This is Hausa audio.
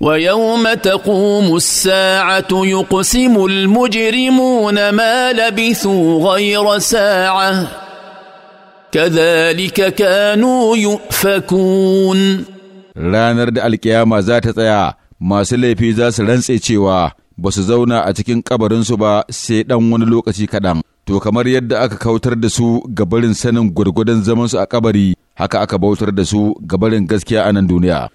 ويوم تقوم الساعه يقسم المجرمون ما لبثوا غير ساعه كذلك كانوا يؤفكون ranar da alkiyama za ta tsaya masu laifi za su rantse cewa ba su zauna a cikin kabarinsu ba sai ɗan wani lokaci kaɗan to kamar yadda aka kautar da su ga barin sanin gwargwadon zamansu a kabari haka aka bautar da su ga barin gaskiya a nan duniya